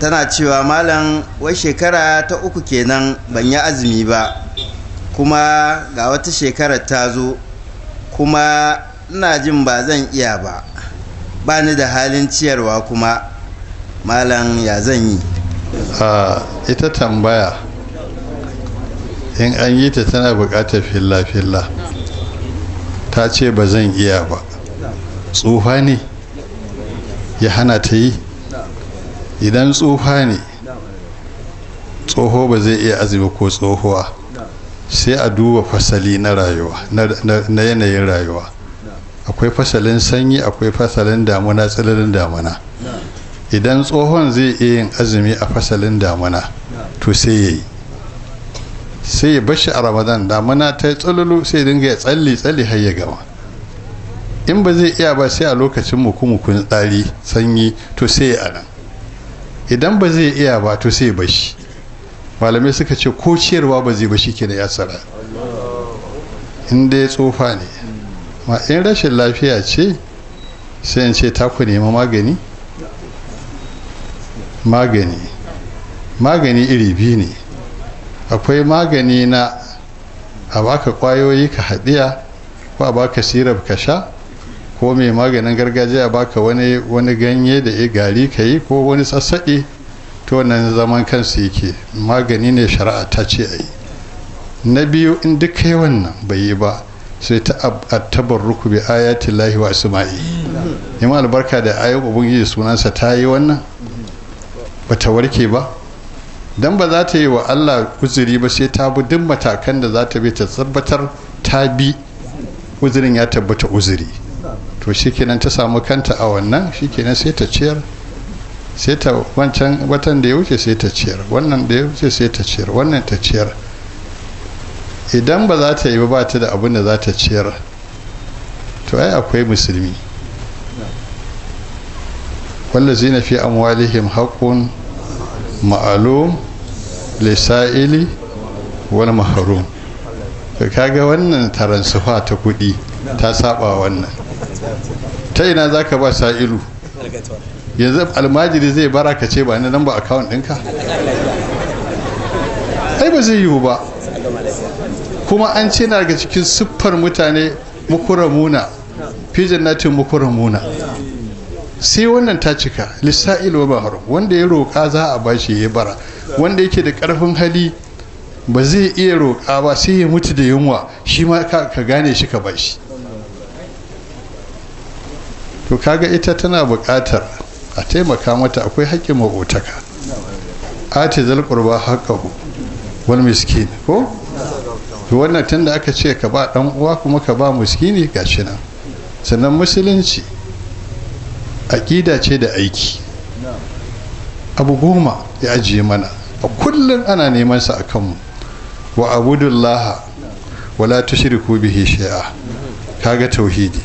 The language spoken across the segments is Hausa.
tana cewa malam wai shekara ta uku kenan ban yi azumi ba kuma ga wata shekarar ta zo kuma ina jin ba zan iya ba ba ni da halin ciyarwa kuma malam ya zan yi ita tambaya in an yi ta tana bukatar filla-filla ta ce ba zan iya ba tsufa ne ya hana ta yi idan tsufa ne tsoho ba zai iya azumi ko tsohuwa sai a duba fasali na rayuwa na yanayin rayuwa akwai fasalin sanyi akwai fasalin damuna tsirrin damuna idan tsohon zai iya yin azumi a fasalin damuna to sai ya yi sai ya bashi a ramadan damuna ta yi tsalulu sai dinga ya tsalli tsalli har ya gama in ba zai iya ba sai a lokacin mukumukun tsari sanyi to sai ya anan idan ba zai iya ba to sai bashi malamai suka ce ko ciyarwa ba zai bashi kenan ya tsara in dai tsofa ne ma in rashin lafiya ce sai in ce taku nema magani magani magani iri biyu ne akwai magani na a baka kwayoyi ka haɗiya ko a baka sirab ka sha ko mai maganin gargajiya baka wani wani ganye da ya gari ka yi ko wani sassaɗi to nan zaman kansu yake magani ne shari'a ta ce a yi na biyu in duka yi wannan bai yi ba sai ta attabar ruku bi ayati lahi wa asma'i yi albarka da ayyub yi sunansa ta yi wannan ba ta warke ba dan ba za ta yi wa Allah uzuri ba sai ta bi duk matakan da za ta bi ta tabbatar ta bi uzurin ya tabbata uzuri to shikenan ta samu kanta a wannan shikenan sai ta ciyar sai ta wancan watan da ya wuce sai ta ciyar wannan da ya wuce sai ta ciyar wannan ta ciyar idan ba za ta yi ba ta da abin da za ta ciyar to ai akwai musulmi zai na fi amwalihim haƙun ma'alum lisa'ili wani maharum kaga wannan taransufa ta kudi ta saba wannan ta ina za ka ba sa'ilu yanzu almajiri zai bara ka ce ba ni lamba akawun ɗinka ai ba zai yiwu ba kuma an ce na daga cikin siffar mutane na ce mukura muna sai wannan ta cika lissa'il wa bahar wanda ya roƙa za a bashi ya bara wanda yake da ƙarfin hali ba zai iya roƙa ba sai ya mutu da yunwa shi ma ka gane shi ka bashi to kaga ita tana buƙatar a taimaka mata akwai haƙƙin maƙotaka ati zal qurba haqqahu wani miskin ko to wannan tun da aka ce ka ba ɗan uwa kuma ka ba miskini shi nan sannan musulunci aƙida ce da aiki abu goma ya ajiye mana a kullum ana neman sa a kanmu wa abudullaha wala tushriku bihi shay'a kaga tauhidi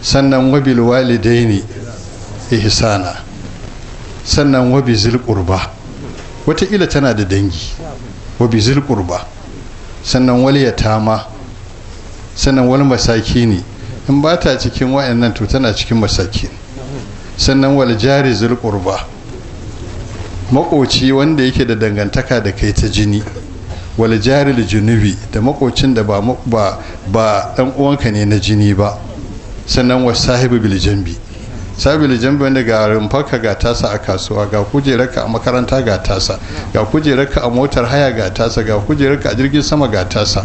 sannan wabil walidaini ihsana sannan wabi zilƙurba qurba wataƙila tana da dangi wabi zilƙurba qurba sannan ya yatama sannan wani masaki ne in ba ta cikin nan to tana cikin masaki sannan wal jari zilƙurba makoci wanda yake da dangantaka da kai ta jini wal jari junubi da makocin da ba ba dan uwanka ne na jini ba sannan wa sahibu bil sahibu bil wanda ga rumfarka ga tasa a kasuwa ga kujerarka a makaranta ga tasa ga kujerarka a motar haya ga tasa ga kujerarka a jirgin sama ga tasa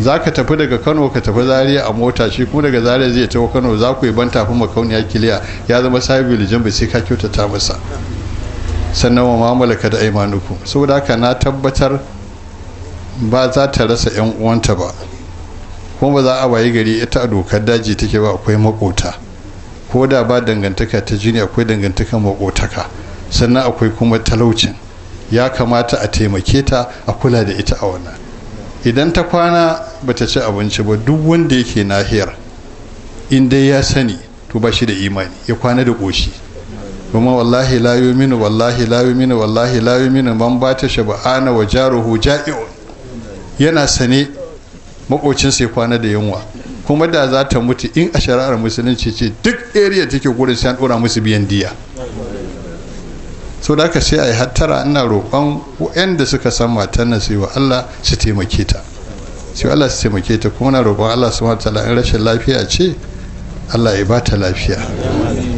za ka tafi daga kano ka tafi zaria a mota shi kuma daga zariya zai tafi kano za ku yi ban tafi makauniya kiliya ya zama sahibu lijin sai ka kyautata masa sannan wa mamalaka da aimanuku saboda haka na tabbatar ba za ta rasa yan uwanta ba kuma ba za a waye gari ita a dokar daji take ba akwai makota ko da ba dangantaka ta jini akwai dangantaka makotaka sannan akwai kuma talaucin ya kamata a taimake ta a kula da ita a wannan idan ta kwana ba ta ci abinci ba duk wanda yake nahiyar in dai ya sani to ba shi da imani ya kwana da ƙoshi kuma wallahi la yuminu wallahi la yuminu wallahi la yuminu man ta shaba'ana wa jaruhu ja'i'un yana sane makocinsa ya kwana da yunwa kuma da za ta mutu in a shari'ar musulunci ce duk area take gurin sai an dora musu biyan diya so da ka sai a yi hattara ina roƙon da suka san matan nan sai wa Allah su taimake ta Allah su taimake ta kuma na roƙon Allah su mata in rashin lafiya ce Allah ya bata lafiya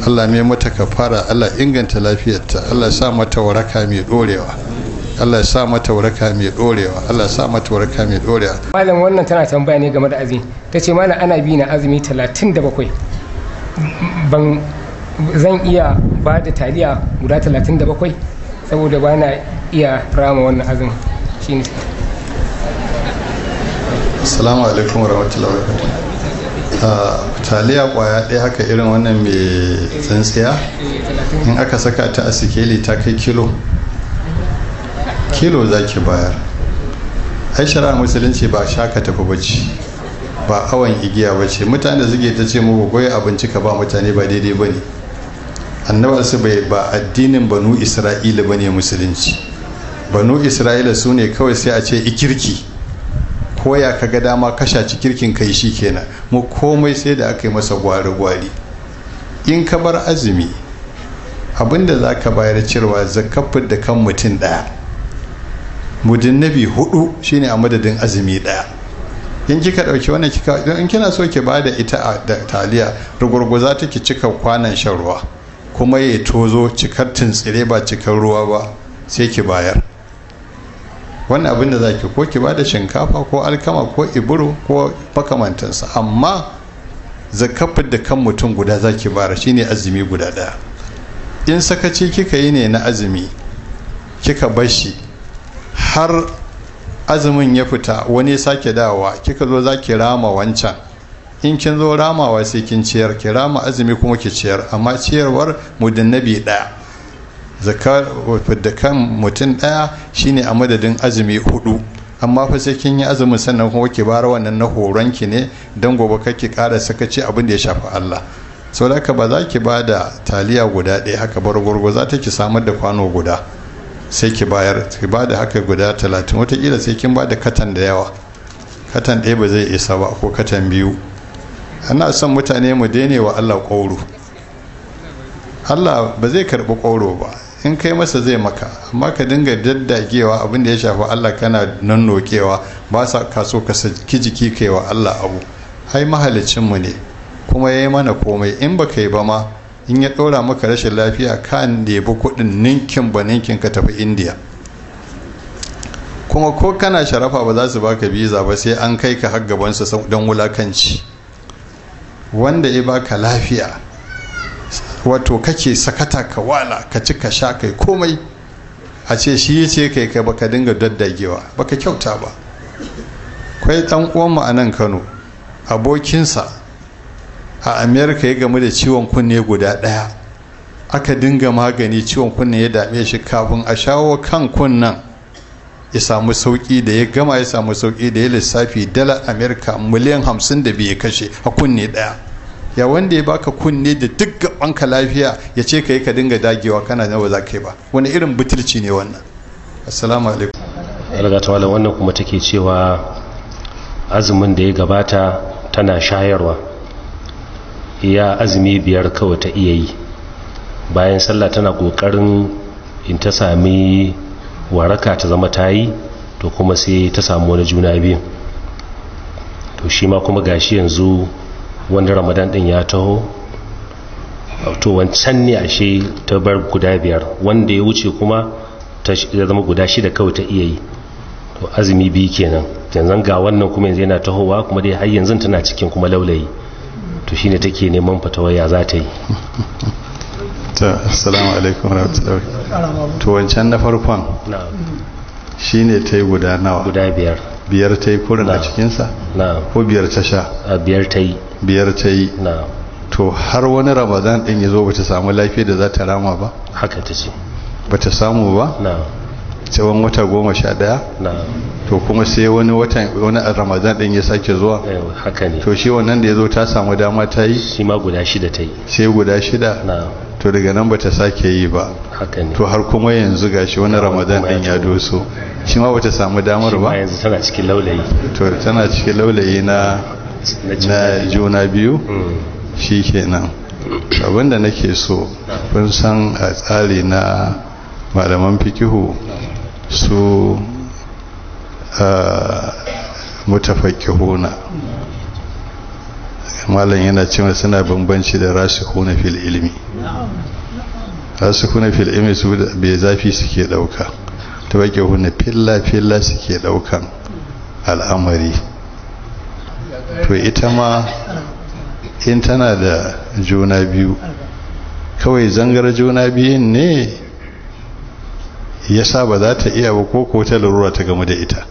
Allah mai mata kafara Allah inganta lafiyarta Allah sa mata waraka mai dorewa. Allah ya sa mata waraka mai dorewa Allah ya sa mata waraka mai dorewa malam wannan tana tambaya ne game da azumi tace malam ana bi na azumi 37 ban zan iya ba da taliya guda 37 saboda ba na iya rama wannan azumin shine assalamu alaikum warahmatullahi wabarakatuh ah, taliya kwaya ɗaya haka irin wannan mai tsantsiya in aka saka ta a sikeli ta kai kilo kilo za ki bayar ai shari'a musulunci ba shaka tafi bacci ba awon igiya ba ce mutane suke ta ce muku goyi abinci ka ba mutane ba daidai ba ne annabar su bai ba addinin banu isra'ila ba ne musulunci banu isra'ila su ne kawai sai a ce ikirki ko ya ka ga dama kasha ci kirkin kai shi kenan mu komai sai da aka yi masa gwari-gwari in ka bar azumi abinda za ka bayar cirwa zakafin da kan mutum ɗaya mujannabi hudu shine a madadin azumi daya in kika dauki wannan kika in kina so ki bada ita a taliya rugurguza ta ki cika kwanan shan ruwa kuma ya tozo cikar tsire ba cikar ruwa ba sai ki bayar wannan abin da zaki ko ki bada shinkafa ko alkama ko iburo ko makamantansa amma zakafar da kan mutum guda zaki bara shine azumi guda daya in sakaci kika yi ne na azumi kika bar shi har azumin ya fita wani sake dawa kika zo za ki rama wancan in kin zo ramawa sai kin ciyar ki rama azumi kuma ki ciyar amma ciyarwar nabi ɗaya zakar da kan mutum ɗaya shine a madadin azumi hudu amma fa sai kin yi azumin sannan kuma ki bara wannan na horon ki ne don gobe kake ƙara sakaci abin da ya shafi Allah sau da ba za ki ba da taliya guda ɗaya haka bar za ta ki samar da kwano guda sai ki bayar ki ba da haka guda talatin watakila sai kin ba da katan da yawa katan ɗaya ba zai isa ba ko katan biyu ana son mutane mu daine wa allah ƙwauro allah ba zai karɓi ƙwauro ba in kai masa zai maka amma ka dinga daddagewa abin da ya shafi allah kana nokewa ba sa kaso ka saki jiki kai wa allah abu ai mahalicinmu ne kuma ya yi mana komai in ba ka yi ba ma in ya ɗora maka rashin lafiya ka nebi kuɗin ninkin ba ninkin ka tafi indiya kuma ko kana sharafa ba za su baka biza ba sai an kai ka har su don wulakanci wanda ya baka lafiya wato kake sakata ka wala ka ci ka sha kai komai a ce shi ce kai kai baka dinga daddagewa baka kyauta ba kwai dan mu a nan kano abokinsa a america ya gamu da ciwon kunne guda daya aka dinga magani ciwon kunne ya dame shi kafin a shawo kan kunnen ya samu sauki da ya gama ya samu sauki da ya lissafi dala america miliyan hamsin da biyu kashe a kunne daya ya wanda ya baka kunne da duk gabanka lafiya ya ce ka yi ka dinga dagewa kana nawa za ka yi ba wani irin butulci ne wannan assalamu alaikum wannan kuma take cewa azumin da ya gabata tana shayarwa iya azumi biyar kawai ta iya yi bayan sallah tana ƙoƙarin in ta sami waraka ta zama ta yi to kuma sai ta samu wani juna biyu to shi ma kuma gashi yanzu wani ramadan ɗin ya taho to wancan ne ashe ta bar guda biyar wanda ya wuce kuma ta zama guda shida kawai ta iya yi to azumi biyu kenan yanzu ga wannan kuma yanzu yana tahowa kuma dai har yanzu tana cikin kuma laulayi to shine take neman fatawa waya za ta yi ta assalamu alaikum warahmatullahi to wancan na farkon shine ta yi guda nawa guda biyar biyar ta yi kurin a cikinsa ko biyar ta sha biyar ta yi biyar ta yi to har wani ramadan din ya zo ba ta samu lafiya da za ta rama ba haka ta ce ba ta samu ba tsawon wata goma sha daya to kuma sai wani watan wani ramadan din ya sake zuwa haka ne to shi wannan da ya zo ta samu dama ta yi shi ma guda shida ta yi sai guda shida to daga nan ba ta sake yi ba haka ne to har kuma yanzu gashi wani ramadan din ya doso shi ma bata samu damar ba yanzu tana cikin laulayi to tana cikin laulayi na na juna biyu mm. shi kenan abinda nake so kun san a tsari na malaman fikihu su huna malam yana cewa suna bambanci da huna fil ilmi huna fil ilmi su bai zafi suke dauka tafakihuna filla filla suke ɗaukan al'amari to ita ma in tana da juna biyu kawai zangar juna biyun ne Ya sa ba za ta iya ba ko ko wata larura ta game da ita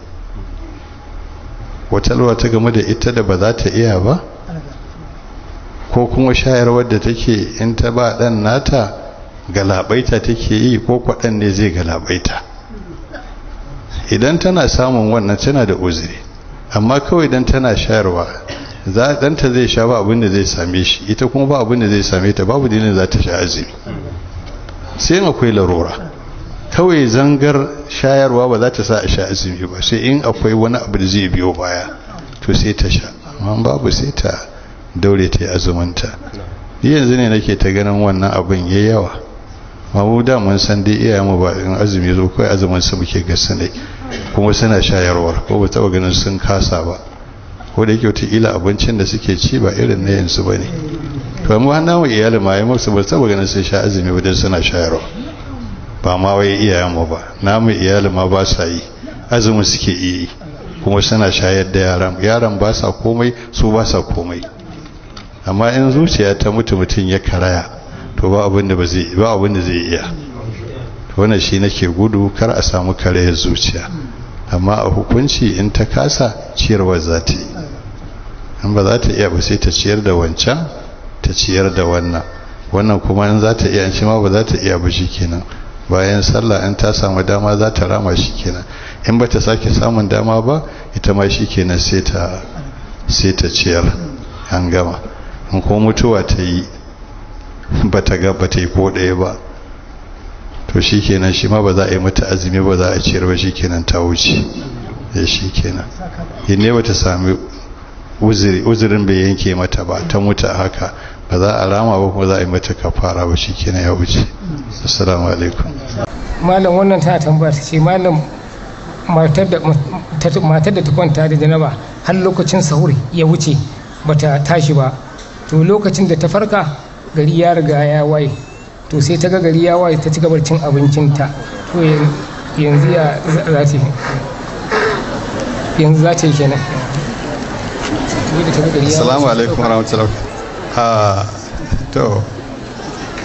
wata larura ta game da ita da ba za ta iya ba ko kuma shayarwar da take in ta ba dan nata galabaita take yi ko kwaɗan ne zai galabaita idan tana samun wannan tana da uzuri amma kawai idan tana shayarwa za danta zai sha ba abin zai same shi ita kuma ba abin zai same ta babu dalilin za ta sha azumi sai akwai larura kawai zangar shayarwa ba za ta sa a sha azumi ba sai in akwai wani abu da zai biyo baya to sai ta sha amma babu sai ta daure ta yi azuminta yanzu ne nake ta ganin wannan abin ya yawa mamu da mun san dai iyayen mu ba in azumi zo kai azumin su muke gasa ne kuma suna shayarwar ko ba taba ganin sun kasa ba ko da yake wata ila abincin da suke ci ba irin na yanzu bane to amma iyali ma ya musu ba taba ganin sun sha azumi ba dan suna shayarwa ba ma wai mu ba namu iyali ma ba sa yi azumin suke yi kuma suna shayar da yaran yaran ba sa komai su ba sa komai amma in zuciya ta mutu mutum ya karaya to ba abin da ba zai ba abin da zai iya wannan shi nake gudu kar a samu karayar zuciya amma a hukunci in ta kasa ciyarwar za ta yi in ba za ta iya ba sai ta ciyar da wancan ta ciyar da wannan wannan kuma in za ta iya in shi ma ba za ta iya ba shi kenan bayan sallah in ta samu dama za ta rama shi kenan in ba ta sake samun dama ba ita ma shi kenan sai ta ciyar an gama in ko mutuwa ta yi ba ta ga ba ta yi ko ɗaya ba to shi kenan shi ma ba za a yi mata azumi ba za a ciyar ba shi kenan ta wuce ya eh, shi kenan in ne ba ta sami uzurin bai yanke mata ba ta mutu haka ba za a rama ba kuma za a yi mata kafara ba shikenan ya wuce assalamu alaikum malam wannan ta tambaya ta ce malam matar da ta kwanta da janaba har lokacin sahur ya wuce ba ta tashi ba to lokacin da ta farka gari ya riga ya waye to sai ta ga gari ya waye ta ci gabar cin abincinta to yanzu ya za ta yanzu za ta yi kenan Assalamu alaikum warahmatullahi a to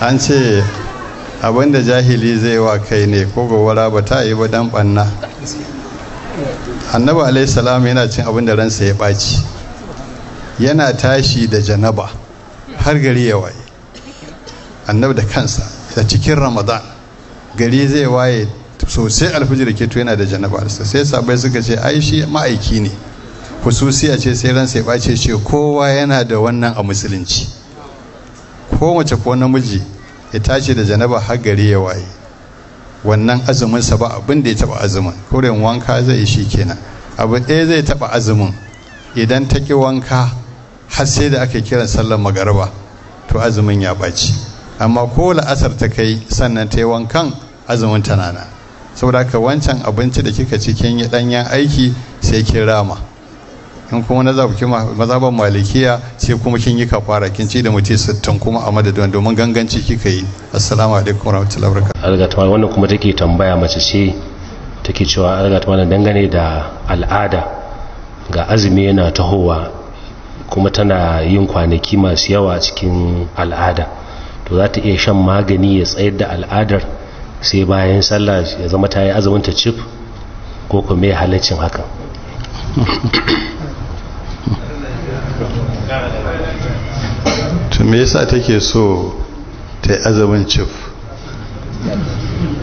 an ce abinda jahili zai wa kai ne ko gowara ba ta yi ba dan banna annabi alaihi salam yana cin abinda da ransa ya baci yana tashi da janaba har gari ya waye annabi da kansa da cikin ramadan gari zai waye sosai alfijir ke to yana da janaba sai sabai suka ce aishi shi ma'aiki ne kususiya ce sai ransa ya ɓace ce kowa yana da wannan a musulunci ko mace ko namiji ya tashi da janaba har gari ya waye wannan azumin sa ba abin da ya taba azumin kurin wanka zai shi kenan abu ɗaya zai taba azumin idan ta ki wanka har sai da aka kira sallar magarba to azumin ya ɓaci amma ko la'asar ta kai sannan ta yi wankan azumin ta nana saboda haka wancan abinci da kika cikin ɗanyen aiki sai kin rama in kuma na zaɓi mazaban malikiya sai kuma kin yi kafara kin ci da mutum sittin kuma a madadin domin ganganci kika yi assalamu alaikum warahmatullahi wabarakatuh algatuma wannan kuma take tambaya mace ce take cewa algatuma dangane da al'ada ga azumi yana tahowa kuma tana yin kwanaki masu yawa cikin al'ada to za ta iya shan magani ya tsayar da al'adar sai bayan sallah ya zama ta yi azumin ta cif ko kuma ya halaccin hakan to me yasa take so ta yi azabin cif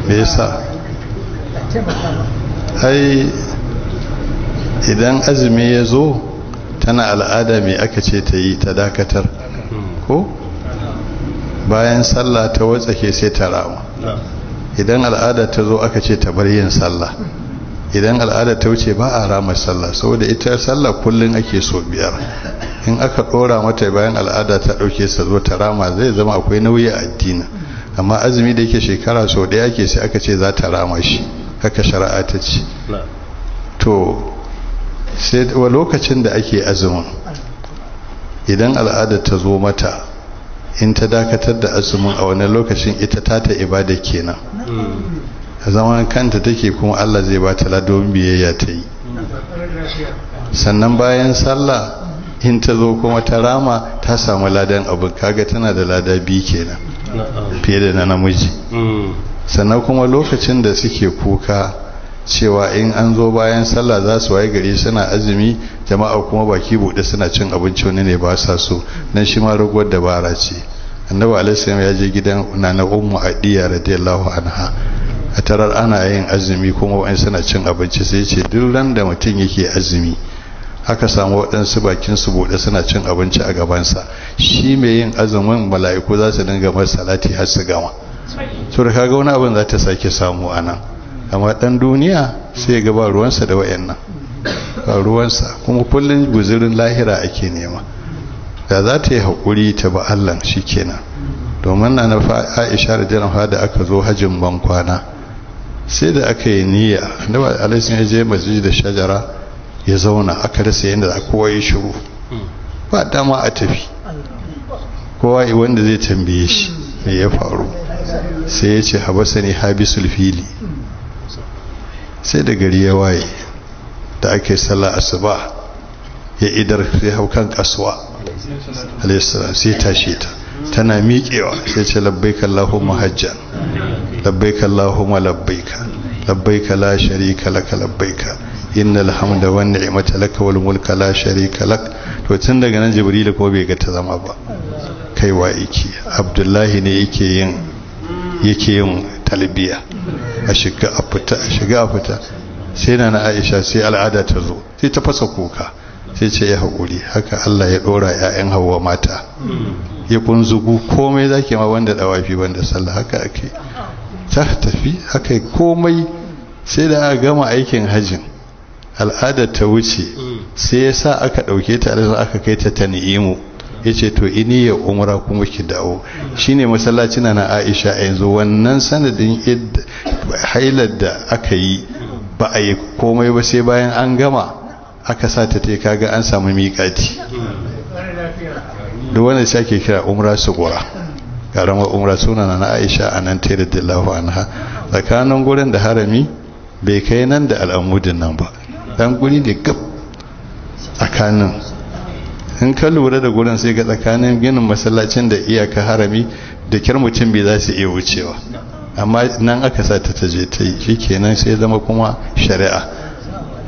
me yasa ai idan azumi ya zo tana al'ada mai aka ce ta yi ta dakatar ko bayan sallah ta ke sai ta rawa idan al'ada ta zo aka ce ta bar yin sallah idan al'ada ta wuce ba a rama sallah saboda ita sallah kullun ake so biyar in aka dora mata bayan al'ada ta dauke sa zo ta rama zai zama akwai nauyi a addini amma azumi da yake shekara sau ɗaya yake sai aka ce za ta rama shi haka shari'a ta ce to sai wa lokacin da ake azumin idan al'ada ta zo mata in ta dakatar da azumin a wani lokacin ita ta ta ibada kenan hmm. zaman kanta take kuma Allah zai ba ta ladon biyayya ta yi sannan bayan sallah in ta zo kuma ta rama ta samu ladan abu kaga tana da lada biyu kenan fiye da na namiji sannan kuma lokacin da suke kuka cewa in an zo bayan sallah za su waye gari suna azumi jama'a kuma baki buɗe suna cin abinci wani ne ba sa so nan shi ma raguwar dabara ce annabi alaihi ya je gidan nana ummu adiya radiyallahu anha a tarar ana yin azumi kuma wa'in suna cin abinci sai ce duk ran da mutum yake azumi aka samu waɗansu bakin su buɗe suna cin abinci a gabansa shi mai yin azumin mala'iku za su dinga masa salati har su gama to da kaga wani abin za ta sake samu a nan amma ɗan duniya sai ga ba ruwansa da wayannan ba ruwansa kuma kullum guzurin lahira ake nema da za ta yi haƙuri ta ba Allah shi kenan domin na na aisha da jiran da aka zo hajjin ban kwana sai da aka yi niyya annabi alaihi ya je masjid da shajara ya zauna aka rasa yadda za kowa ya shiru ba dama a tafi kowa wanda zai tambaye shi me ya faru sai ya ce ne habisul fili sai da gari ya waye da ake sallah asuba ya idar sai hau kan kasuwa alaihi sai tashi ta tana miƙewa sai ce labbaika Allahumma hajja labbaika Allahumma labbaika labbaika la sharika laka labbaika innal hamda wan ni'mata laka wal mulka la sharika lak to tun daga nan jibril ko bai ga ta zama ba kaiwa yake abdullahi ne yake yin yake yin talbiya a shiga a fita a shiga a fita sai nana Aisha sai al'ada ta zo sai ta fasa kuka sai ce ya haƙuri haka Allah ya ɗora 'ya'yan hawa mata ya kun zugu komai zaki ma wanda dawafi banda sallah haka ake ta tafi haka komai sai da aka gama aikin hajjin al'adar ta wuce sai ya sa aka ɗauke ta da aka kai ta ta ni'imu ya to ini ya umra kuma ki dawo shine masallaci na aisha a yanzu wannan sanadin hailar da aka yi ba a yi komai ba sai bayan an gama aka sa ta te kaga an samu miƙati duk wanda shi ke kira umra sugura karamar umra suna na aisha a nan tere anha tsakanin gurin da harami bai kai nan da al'amudin nan ba dan guri da gab tsakanin in ka lura da gurin sai ga tsakanin ginin masallacin da iyaka harami da kyar mutum bai za su iya wucewa amma nan aka sa ta taje ta yi shikenan sai zama kuma shari'a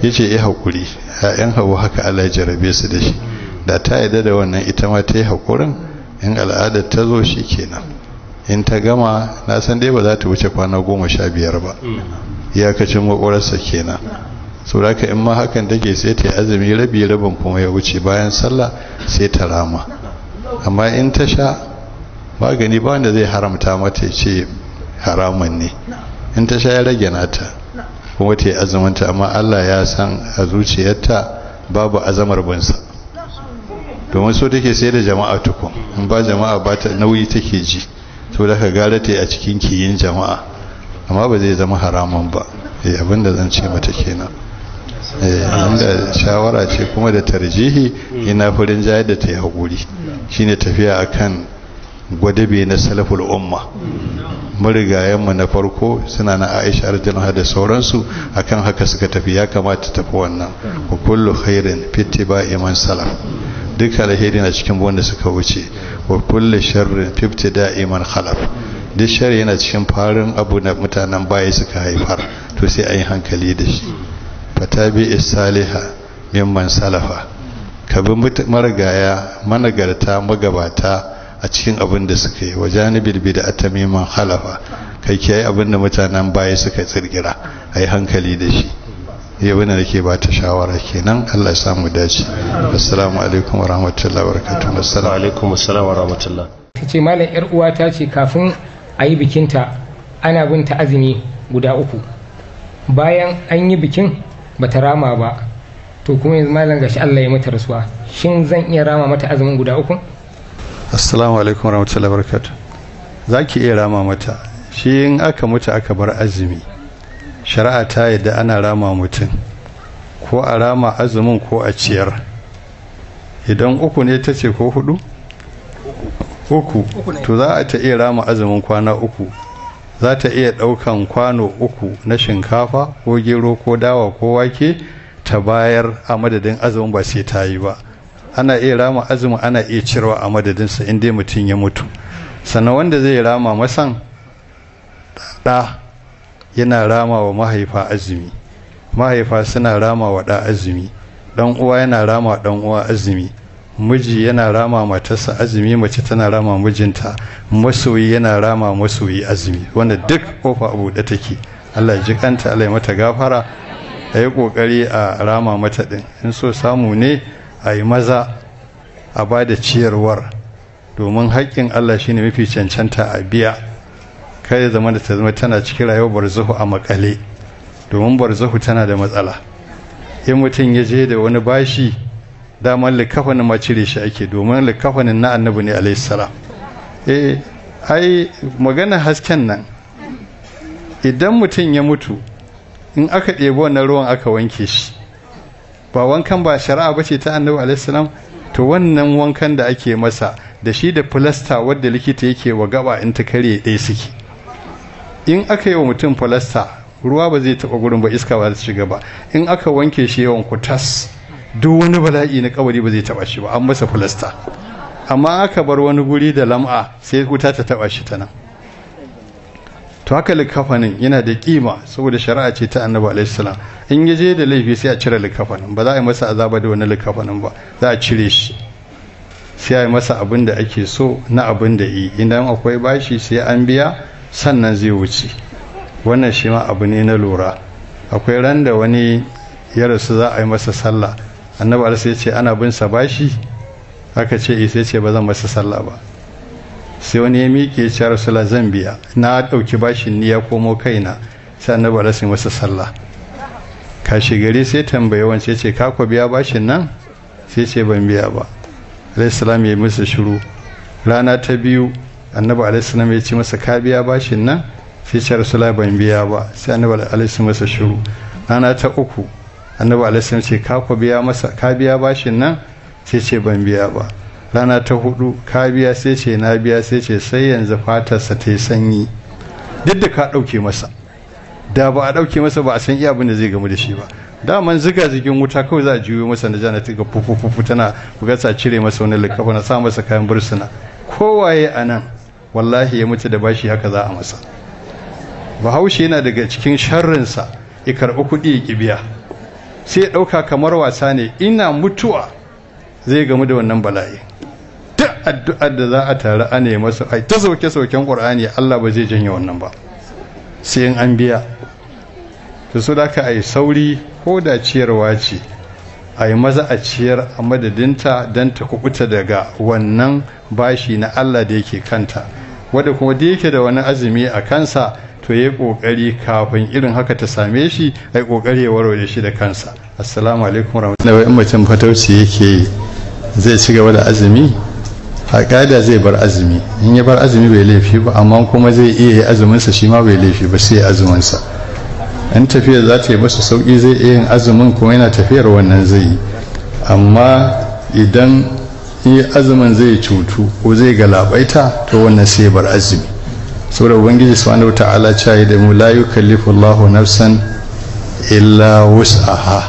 yace ya hakuri ya'yan hagu haka Allah ya jarabe su da shi da ta yarda da wannan ita ma ta yi haƙurin in al'adar ta zo shi kenan in ta gama na san dai ba za ta wuce kwana goma sha biyar ba mm. iyakacin maƙwararsa kenan sau da in ma hakan take sai ta yi azumi rabi rabin kuma ya wuce bayan sallah sai ta rama amma in ta sha magani ba wanda zai haramta mata ce haramun ne in ta sha ya rage nata kuma ta yi azuminta amma allah ya san a zuciyarta babu azamar binsa domin so take sai da jama'a tukun in ba jama'a ba ta nauyi take ji to da ka gara ta a cikin kiyin jama'a amma ba zai zama haramun ba eh abinda zan ce mata kenan eh, inda shawara ce kuma da tarjihi ina furin jayar da ta yi haƙuri shine tafiya a kan gwadabe na salaful umma marigayenmu na farko suna na aisha arjinaha da sauransu akan haka suka tafi ya kamata tafi wannan wa kullu khairin fitiba iman salaf duk alheri na cikin wanda suka wuce wa kulli sharrin fifti da'iman khalaf duk shari yana cikin farin abu na mutanen baya suka haifar to sai ayi hankali da shi fatabi saliha mimman salafa ka bi marigaya managarta magabata a cikin abin da suka yi wa janibil da atamiman khalafa kai kiyaye abin da mutanen baya suka tsirgira ayi hankali da shi yabin da ke ba ta shawara kenan Allah ya samu dace assalamu alaikum wa rahmatullah wa barakatuh assalamu alaikum assalamu wa rahmatullahi kace malam yar uwa ta ce kafin a yi bikinta ana bin ta azumi guda uku bayan an yi bikin bata rama ba to kuma yanzu malam gashi Allah ya mata rasuwa shin zan iya rama mata azumin guda uku assalamu alaikum wa rahmatullah wa barakatuh zaki iya rama mata shi in aka mutu aka bar azumi shari'a ta yadda ana rama mutum ko a rama azumin ko a ciyar idan uku ne ta ce ko hudu uku to za a ta iya rama azumin kwana uku za ta iya ɗaukan kwano uku na shinkafa ko gero ko dawa ko wake ta bayar a madadin azumin ba sai ta yi ba ana iya rama azumin ana iya cirwa a madadinsa in dai mutum ya mutu sannan wanda zai rama masan ɗa yana rama wa mahaifa azumi mahaifa suna rama wa ɗa azumi ɗan uwa yana rama wa ɗan uwa azumi miji yana rama matarsa azumi mace tana rama mijinta masoyi yana rama masoyi azumi wanda duk kofa abu buɗe take Allah ji kanta Allah mata gafara a yi ƙoƙari a rama mata ɗin in so samu ne a yi maza a bada ciyarwar domin haƙƙin Allah shine mafi cancanta a biya kai ya zama da ta zama tana cikin rayuwar barzahu a makale domin barzahu tana da matsala in mutum ya je da wani bashi daman likafanin ma cire shi ake domin likafanin na annabi ne alaihi salam eh ai magana hasken nan idan mutum ya mutu in aka ɗebi na ruwan aka wanke shi ba wankan ba shari'a ba ce ta annabi alaihi salam to wannan wankan da ake masa da shi da filasta wadda likita yake wa gaba in ta karye ɗaya suke in aka yi wa mutum falasta ruwa ba zai taɓa gurin ba iska ba zai shiga ba in aka wanke shi yawan kutas duk wani bala'i na kabari ba zai taɓa shi ba an masa falasta amma aka bar wani guri da lam'a sai wuta ta taɓa shi ta nan to haka likafanin yana da kima saboda shari'a ce ta annabi alaihi salam in ya je da laifi sai a cire likafanin ba za a yi masa azaba da wani likafanin ba za a cire shi sai a yi masa abin da ake so na abin da yi idan akwai bashi sai an biya sannan zai wuce wannan shi ma abu ne na lura akwai ran da wani ya rasu za a yi masa sallah annabi sai ce ana bin sa bashi aka ce isa eh, ce ba zan masa sallah ba sai wani ya miƙe ya ce rasula zan biya na ɗauki bashin ni ya komo kaina sai annabi sai masa sallah kashi gari sai tambaye wance ce ka biya bashin nan sai ce ban biya ba alaihi salam ya yi masa shiru rana ta biyu annabi alaihissalam ya ce masa ka biya bashin nan sai ce rasulullahi ban biya ba sai annabi alaihissalam masa shiru rana ta uku annabi alaihissalam ce ka ku biya masa ka biya bashin nan sai ce ban biya ba rana ta hudu ka biya sai ce na biya sai ce sai yanzu fatarsa ta yi sanyi duk da ka ɗauke masa da ba a ɗauke masa ba a san iya abin da zai gamu da shi ba daman ziga zigin wuta kawai za a juyo masa na jana ga fufufufu tana bugatsa cire masa wani likafa na sa masa kayan bursuna kowaye a nan wallahi ya mutu da bashi haka za a masa bahaushe yana daga cikin sharrinsa ya karɓi kuɗi ya ƙibiya sai ya ɗauka kamar wasa ne ina mutuwa zai gamu da wannan bala'i duk addu'ar da za a tare ana yi masa ai ta sauke sauken ƙur'ani Allah ba zai janye wannan ba sai in an biya ta su da a yi sauri ko da ciyarwa ce a yi maza a ciyar a madadinta don ta kubuta daga wannan bashi na Allah da yake kanta wanda kuma da yake da wani azumi a kansa to ya kokari kafin irin haka ta same shi ai kokari ya warware shi da kansa assalamu alaikum warahmatullahi in mutum fatauci yake zai ci gaba da azumi a ƙa'ida zai bar azumi in ya bar azumi bai laifi ba amma kuma zai iya yi azuminsa shi ma bai laifi ba sai azuminsa in tafiyar za ta yi masa sauƙi zai iya yin azumin kuma yana tafiyar wannan zai yi amma idan Ni eh, azumin zai cutu ko zai galabaita to wannan sai bar azumi saboda ubangiji subhanahu ta'ala yi da mu la yukallifu Allahu nafsan illa wus'aha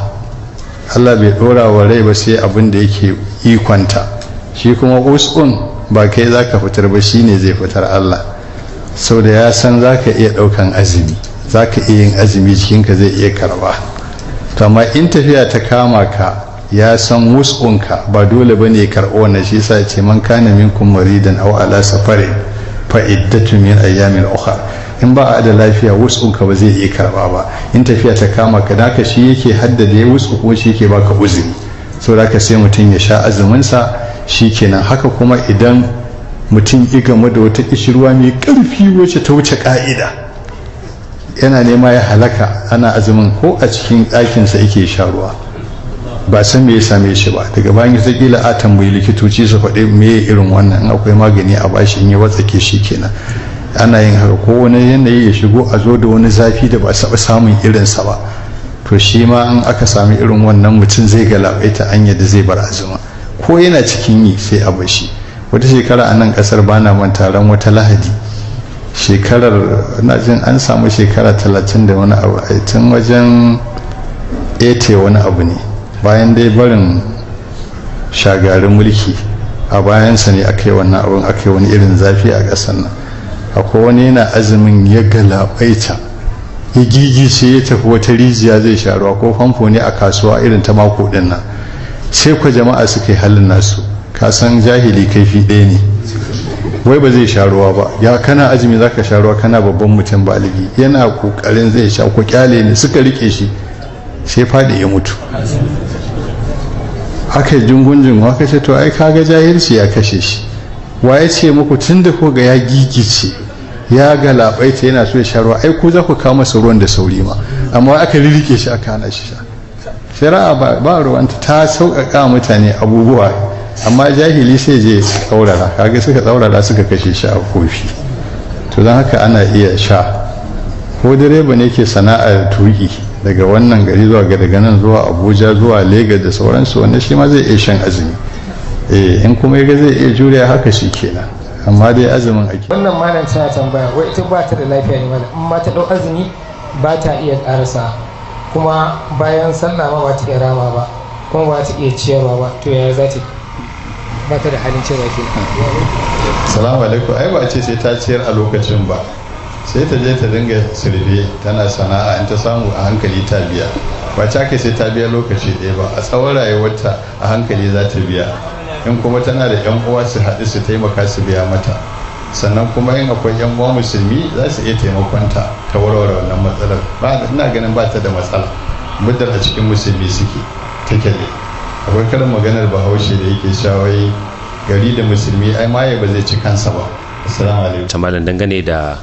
Allah bai dora wa rai ba sai abin da yake ikonta shi kuma us'un ba kai zaka fitar ba shine zai fitar Allah saboda ya san zaka iya ɗaukan azumi zaka iya yin azumi cikin ka zai iya karba to amma in tafiya ta kama ka ya san wus'unka ba dole ba ne karɓo wannan shi sa ce man kana minkum maridan aw ala safarin fa iddatu min ayyamin ukhra in ba a da lafiya wus'unka ba zai iya karba ba in tafiya ta kama ka daka shi yake haddade wus'u ko shi yake baka uzuri da ka sai mutum ya sha azumin sa shikenan haka kuma idan mutum ya game da wata kishirwa mai karfi wacce ta wuce ka'ida yana nema ya halaka ana azumin ko a cikin ɗakinsa yake sha ruwa ba san me ya same shi ba daga bayan ya kila a tambayi likitoci su faɗi me irin wannan in akwai magani a bashi in ya watsake shi kenan ana yin haka ko wani yanayi ya shigo a zo da wani zafi da ba saba samun irinsa ba to shi ma in aka sami irin wannan mutum zai galabaita anya da zai bar azuma ko yana cikin yi sai a bashi wata shekara a nan kasar bana man taron wata lahadi shekarar na jin an samu shekara talatin da wani abu tun wajen 80 wani abu ne bayan dai barin shagarin mulki a bayansa ne aka yi wannan abin aka wani irin zafi a ƙasar nan akwai wani yana azumin ya galabaita ya gigice ya tafi wata rijiya zai sha ko famfo ne a kasuwa irin ta mako din nan sai ku jama'a suka yi halin nasu ka san jahili kaifi ɗaya ne wai ba zai sharuwa ba ya kana azumi za ka sharuwa kana babban mutum baligi yana kokarin zai sha ku kyale ne suka rike shi sai faɗi ya mutu aka jingunjin aka ce to ai kaga jahilci ya kashe shi Wa ya ce muku tun da koga ya gigice ya ta yana so ya sha ai ku za ku kama su ruwan da sauri ma amma aka rike shi aka hana shi sha shari'a ba ruwanta ta sauƙaƙa mutane abubuwa amma jahili sai je tsaurara kaga suka tsaurara suka kashe shi a kofi to don haka ana iya sha ko direba ne ke sana'ar tuƙi daga wannan gari zuwa ga daga nan zuwa abuja zuwa lagos da sauransu wannan shi ma zai iya shan azumi eh in kuma yaga zai iya juriya haka shi kenan amma dai azumin ake wannan malam tana tambaya wai ita ba ta da lafiya ne malam in ma ta dau azumi ba ta iya karasa kuma bayan sallah ma ba ta iya rama ba kuma ba ta iya ciyarwa ba to yaya za ta ba ta da halin ciyarwa kenan assalamu alaikum ai ba ce sai ta ciyar a lokacin ba sai ta je ta dinga sirbe tana sana'a in ta samu a hankali ta biya ba ta kai sai ta biya lokaci ɗaya ba a tsawon rayuwarta a hankali za ta biya in kuma tana da yan uwa su haɗu su taimaka su biya mata sannan kuma in akwai yan uwa musulmi za su iya taimakon ta ta warware wannan matsalar ba ina ganin ba ta da matsala muddar a cikin musulmi suke ta ne akwai karin maganar bahaushe da yake shawai gari da musulmi ai maye ba zai ci kansa ba assalamu alaikum dangane da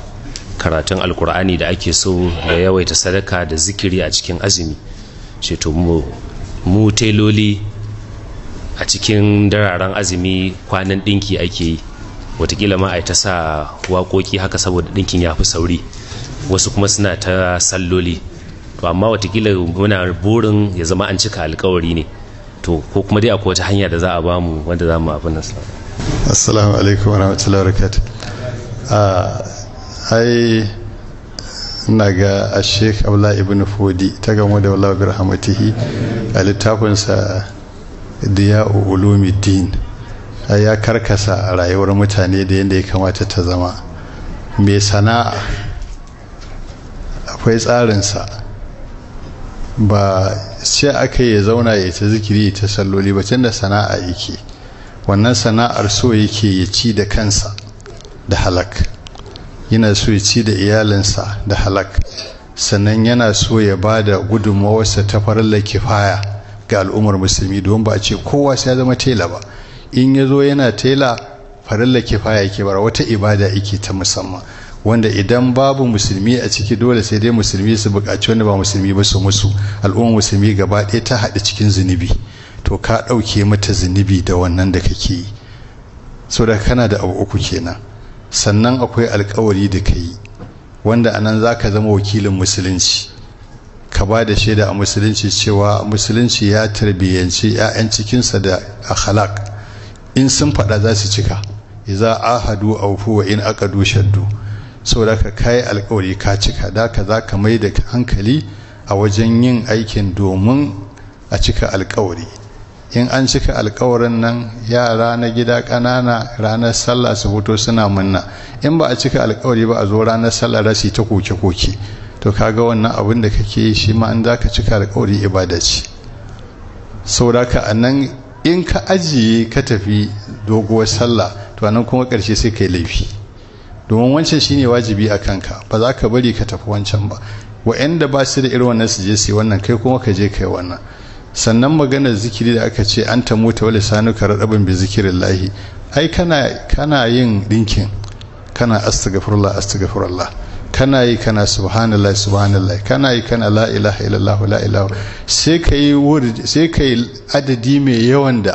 karatun alkur'ani da ake so da yawaita sadaka da zikiri a cikin azumi ce to mu teloli a cikin dararen azumi kwanan ɗinki ake yi watakila ma a ta sa waƙoƙi haka saboda ɗinkin ya fi sauri wasu kuma suna ta salloli to amma watakila muna burin ya zama an cika alkawari ne to ko kuma dai akwai wata hanya da za a bamu wanda za mu abin nan assalamu alaikum wa rahmatullahi wa ai na ga a sheik abla ibn fodi ta gamu da wala bir hamatihi a littafinsa diya ai ya karkasa a rayuwar mutane da yadda ya kamata ta zama mai sana'a akwai tsarinsa ba sai aka yi zauna ya ta zikiri ya ta salloli ba tun da sana'a yake wannan sana'ar so yake ya ci da kansa da halak yana so ya ci da iyalinsa da halak sannan yana so ya ba da gudunmawarsa ta farilla kifaya ga al'ummar musulmi don ba a ce kowa sai ya zama tela ba in ya zo yana tela farilla kifaya yake bara wata ibada yake ta musamman wanda idan babu musulmi a ciki dole sai dai musulmi su buƙaci wanda ba musulmi ba su musu al'ummar musulmi gaba ɗaya ta haɗu cikin zunubi to ka ɗauke mata zunubi da wannan da kake yi so da kana da abu uku kenan sannan akwai alkawari da ka yi wanda a nan za ka zama wakilin musulunci ka ba da shaida a musulunci cewa musulunci ya tarbiyyance 'ya'yan cikinsa da akhlaq in sun faɗa za su cika iza ahadu aufu wa in aka shaddu saboda ka kai alkawari ka cika da ka za ka mai da hankali a wajen yin aikin domin a cika alkawari in an cika alkawarin nan yara na gida ƙanana ranar sallah su hoto suna munna in ba a cika alkawari ba a zo ranar sallah rasi ta koke-koke to kaga wannan abin da kake yi shi ma an za ka cika alkawari ibada ce sauraka a nan in ka ajiye ka tafi doguwar sallah to nan kuma ƙarshe sai ka laifi domin wancan shine wajibi a kanka ba za ka bari ka tafi wancan ba wa'anda ba su da irin wannan su je su yi wannan kai kuma ka je kai wannan sannan maganar zikiri da aka ce an ta mota wale sanu ka raɗaban bi zikirin lahi ai kana kana yin dinkin kana astaghfirullah astaghfirullah kana yi kana subhanallah subhanallah kana yi kana la ilaha illallah la ilaha sai kai sai kai adadi mai yawan da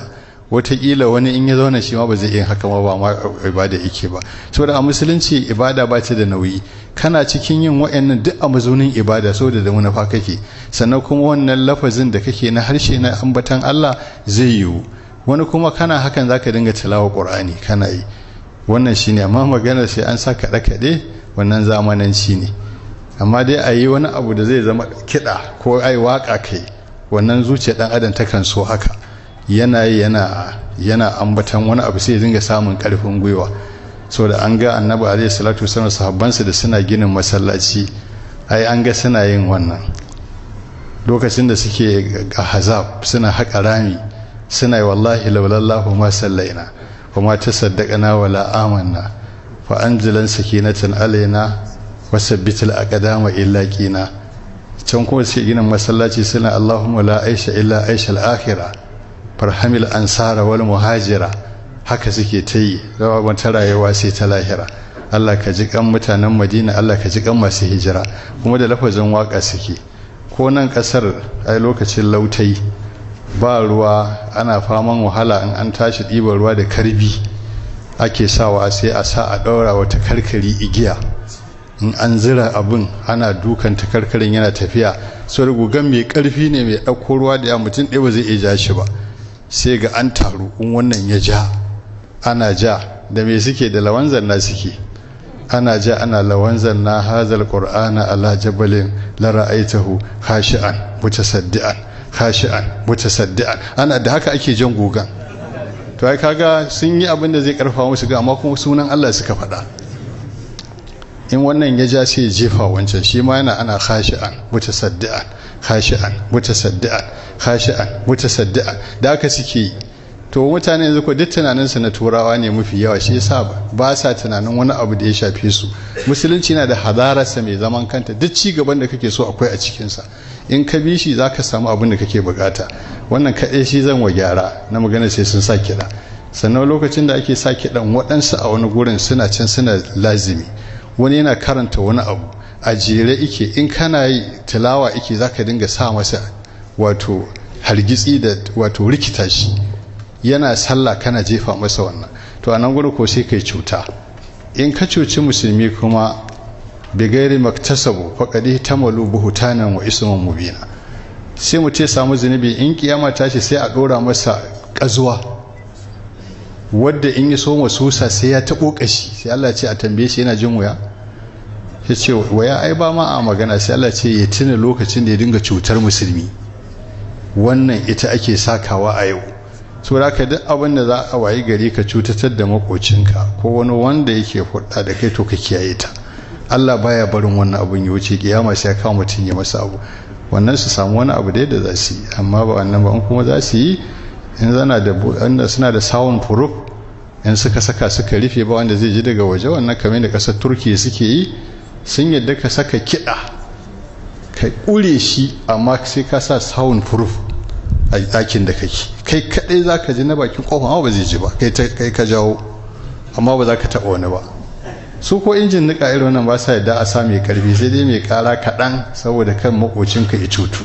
watakila wani in ya zauna shi ma ba zai iya haka ma ba ma ibada yake ba saboda a musulunci ibada ba ta da nauyi kana cikin yin wa'annan duk a mazaunin ibada saboda da munafa kake sannan kuma wannan lafazin da kake na harshe na ambatan Allah zai yiwu wani kuma kana hakan zaka dinga tilawa Qur'ani kana yi wannan shine amma magana sai an sa kaɗe kaɗe wannan zamananci ne amma dai a yi wani abu da zai zama kiɗa ko ai waka kai wannan zuciya ɗan adam kan so haka yana yana yana ambatan wani abu sai dinga samun karfin gwiwa da an ga annabi zai salatu wasallam sahabbansa da suna ginin masallaci ai an ga suna yin wannan lokacin da suke ga hazab suna haƙa rami suna yi wallahi laulallahu ma sallaina wa ma na wa amanna fa na sakinatan alaina wa sabbitil aqdama illa qina can kuma suke ginin masallaci suna allahumma la aisha illa aisha al farhamil ansara wal muhajira haka suke tayi yi zama ta rayuwa sai ta lahira Allah ka ji kan mutanen Madina Allah ka ji kan masu hijira kuma da lafazin waka suke ko nan kasar a lokacin lautai ba ruwa ana faman wahala in an tashi ɗiban ruwa da karbi ake sawa sai a sa a ɗaura wata karkari igiya in an zira abin ana dukan ta karkarin yana tafiya so rugugan gugan mai ƙarfi ne mai ɗauko ruwa da ya mutum ɗaya ba zai iya ja shi ba sai ga an taru in wannan ya ja ana ja da me suke da lawan zanna suke ana ja ana lawan zanna hazal qur'ana ala jabalin la ra'aitahu khashi'an mutasaddian khashi'an mutasaddian ana da haka ake jan gogan to ai kaga sun yi abin da zai karfa musu ga amma kuma sunan Allah suka faɗa in wannan ya ja sai jefa wancan shi ma yana ana khashi'an mutasaddian khashi'an mutasaddi'an khashi'an mutasaddi'an da haka suke yi to mutane yanzu ko duk su na turawa ne mafi yawa shi yasa ba sa tunanin wani abu da ya shafe su musulunci na da hadararsa mai zaman kanta duk ci gaban da kake so akwai a cikinsa in ka bi shi zaka samu abin da kake bukata wannan kaɗai shi zan wa gyara na magana sai sun sa kiɗa sannan lokacin da ake sa kiɗan waɗansu a wani gurin suna can suna lazimi wani yana karanta wani abu a jere ike in kana yi tilawa ike za ka dinga sa masa wato hargitsi da wato rikita shi yana sallah kana jefa masa wannan to a nan gudu ko sai kai cuta in ka cuci musulmi kuma bigairi maktasabu faƙaɗi ta malu buhutanin wa mu bina sai mu ce samu zunubi in kiyama tashi sai a ɗora masa ƙazuwa wadda in yi so masusa sai ya taɓo ƙashi sai Allah ce a tambaye shi yana jin wuya ya ce waya ai ba ma a magana sai Allah ce ya tuna lokacin da ya dinga cutar musulmi wannan ita ake sakawa a yau so da ka duk abin da za a wayi gari ka cutatar da makocinka ko wani wanda yake hudda da kai to ka kiyaye ta Allah baya barin wannan abin ya wuce kiyama sai kawo mutum ya masa abu wannan su samu wani abu da za su yi amma ba wannan ba kuma za su yi in zana da wanda suna da sawun furuf in suka saka suka rufe ba wanda zai ji daga waje wannan kamar da kasar turki suke yi sun yadda ka saka kiɗa ka ƙure shi amma sai ka sa sound proof a ɗakin da kake kai kaɗai za ka ji na bakin ƙofa amma ba zai ji ba kai ka jawo amma ba za ka taɓa wani ba su ko injin nika irin wannan ba sa yadda a sa mai karfi sai dai mai kara kaɗan saboda kan ka ya cutu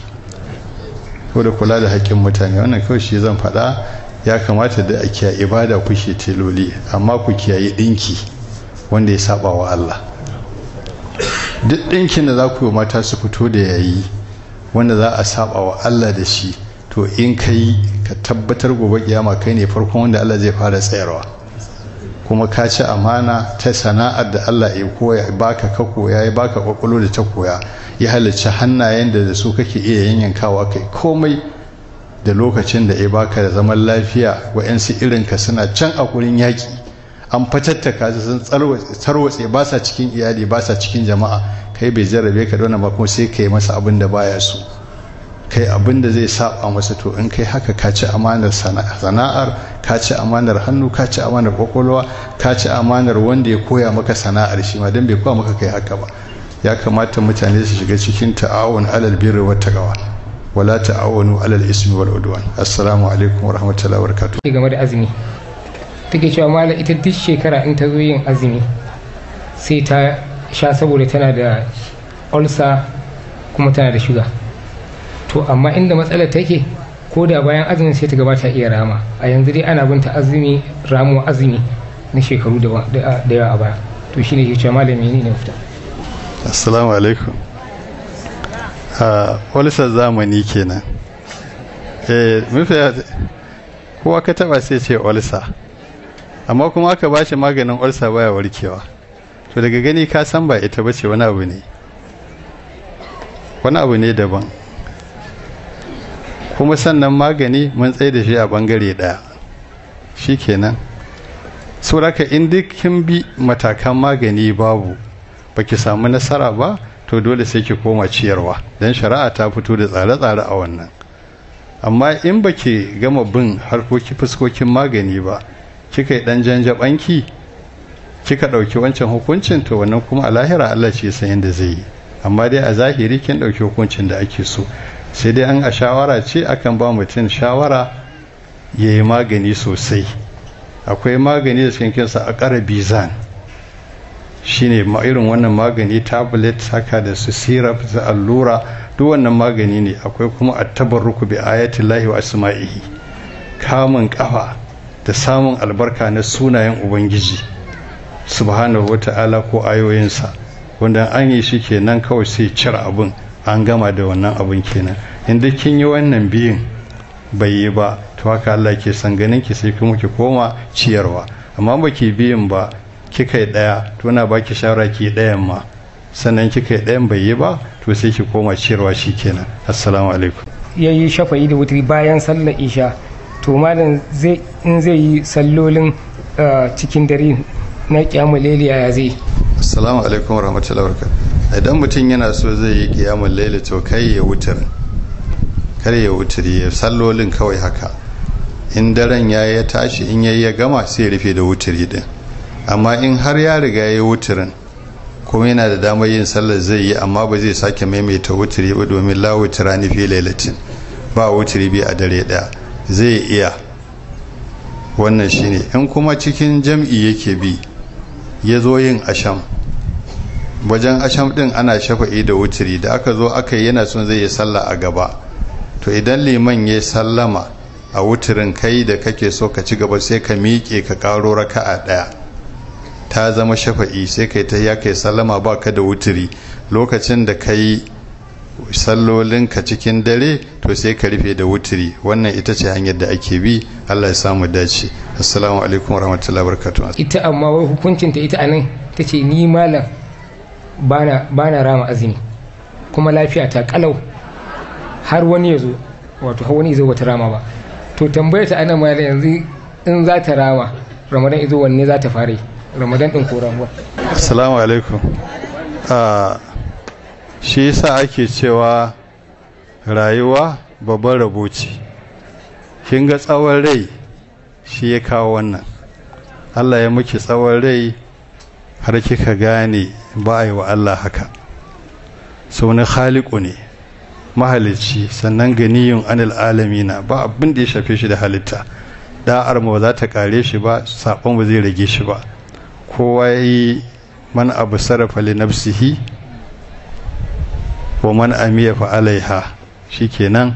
ko da kula da haƙƙin mutane wannan kawai shi zan faɗa ya kamata da a kiyaye ibada kushe teloli amma ku kiyaye ɗinki wanda ya saɓa wa Allah duk ɗinkin da za ku yi mata su fito da yayi wanda za a saba wa Allah da shi to in ka yi ka tabbatar gobe kiyama kai ne farkon wanda Allah zai fara tsayarwa kuma ka ci amana ta sana'ar da Allah ya koya baka ka koya ya baka kwakwalo da ta koya ya halicci hannayen da su kake iya yanyankawa kai komai da lokacin da ya baka da zaman lafiya wa'yansu irinka suna can a wurin yaƙi an fatattaka su sun tarwatse ba sa cikin iyali ba sa cikin jama'a kai bai jarrabe ka dona ba kuma sai kai masa abin da baya su kai abin da zai saba masa to in kai haka ka ci amanar sana'ar ka ci amanar hannu ka ci amanar kwakwalwa ka ci amanar wanda ya koya maka sana'ar shi ma don bai koya maka kai haka ba ya kamata mutane su shiga cikin ta'awun alal birri wa taqwa wala ta'awunu alal ismi wal udwan assalamu alaikum wa rahmatullahi game da azumi take cewa mala ita duk shekara in ta zo yin azumi sai ta sha saboda tana da ulsa kuma tana da shuga to amma inda matsalar take ko da bayan azumin sai ta gabata iya rama a yanzu dai ana binta azumi ramu azumi na shekaru da yawa a baya to shine ke cewa mala malam ne fita assalamu alaikum a ah, ulsa zamani kenan eh mafi kowa ka taba sai ce olsa amma kuma aka ba shi maganin ulsa baya warkewa to daga gani ka san ba ita bace wani abu ne wani abu ne daban kuma sannan magani mun tsaye da shi a bangare ɗaya shi kenan in duk kin bi matakan magani babu baki samu nasara ba to dole sai ki koma ciyarwa don shari'a ta fito da tsare-tsare a wannan amma in baki gama bin harkokin fuskokin magani ba kika yi dan janjabanki kika ɗauki wancan hukuncin to wannan kuma a lahira Allah ce san yadda zai yi amma dai a zahiri kin ɗauki hukuncin da ake so sai dai an a shawara ce akan ba mutum shawara ya yi magani sosai akwai magani da suke kinsa a ƙara bizan shine irin wannan magani tablet haka da su syrup da allura duk wannan magani ne akwai kuma a tabarruku bi ayatullahi wa asma'ihi kamun kafa da samun albarka na sunayen ubangiji subhanahu wa ta'ala ko ayoyinsa wanda an yi shi kenan kawai sai cire abin an gama da wannan abin kenan inda kin yi wannan biyun bai yi ba to haka Allah ke san ganin ki sai kuma ki koma ciyarwa amma ba ki biyun ba kika yi daya to na baki shawara ki dayan ma sannan kika yi dayan bai yi ba to sai ki koma ciyarwa shikenan assalamu alaikum yayi shafa'i da wuturi bayan sallar isha to malam in zai yi sallolin uh, cikin dare na leliya ya zai assalamu alaikum warahmatullahi wabarakatuh idan mutum yana so zai yi kiyamul leli to kai ya wutar kar ya wuturi ya sallolin kawai haka in daren ya ya tashi in yayi ya gama sai rufe da wuturi din amma in har ya riga ya yi wuturin kuma yana da damar yin sallar zai yi amma ba zai sake maimaita wuturi ba domin la rani ni fi ba wuturi bi a dare daya zai iya wannan shi ne in kuma cikin jam'i yake bi ya zo yin asham wajen asham din ana shafa'i da wuturi da aka zo aka yana son zai yi sallah a gaba to idan liman ya sallama a wuturin kai da kake so ka ci gaba sai ka miƙe ka ƙaro raka a ɗaya ta zama shafa'i sai kai ta ya kai sallama ba ka da wuturi lokacin da ka yi sallolinka cikin dare to sai ka rufe da wuturi wannan ita ce hanyar da ake bi Allah ya samu dace assalamu alaikum warahmatullahi wabarakatuh ita amma wai hukuncin ta ita anan tace ni malam bana bana rama azumi kuma lafiya ta kalau har wani ya zo wato har wani ya wata rama ba to tambaya ta anan malam yanzu in za ta rama ramadan izo wanne za ta fare ramadan din ko ramadan assalamu alaikum ah, shi yasa ake cewa rayuwa babban rabo ce kin ga tsawon rai shi ya kawo wannan Allah ya muke tsawon rai har kika gane ba a yi wa Allah haka sau na khaliku ne mahalicci sannan ganiyun anil alamina ba abin da ya shafe shi da halitta da'ar ba za ta kare shi ba sabon ba zai rage shi ba kowa yi man abu sarrafa li nafsihi wa man amiya fa alaiha shikenan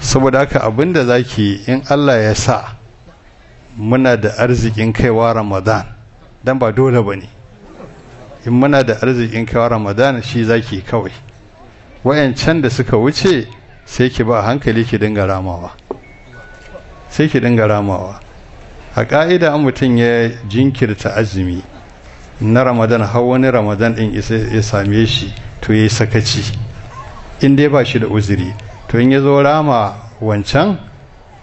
saboda haka abinda zaki in Allah ya sa muna da arzikin kaiwa Ramadan dan ba dole bane in muna da arzikin kaiwa Ramadan shi zaki kawai wayancan da suka wuce sai ki ba hankali ki dinga ramawa sai ki dinga ramawa a ka'ida an mutum ya jinkirta azumi na ramadan har wani ramadan din ya same shi to ya sakaci in dai ba shi da uzuri to in ya zo rama wancan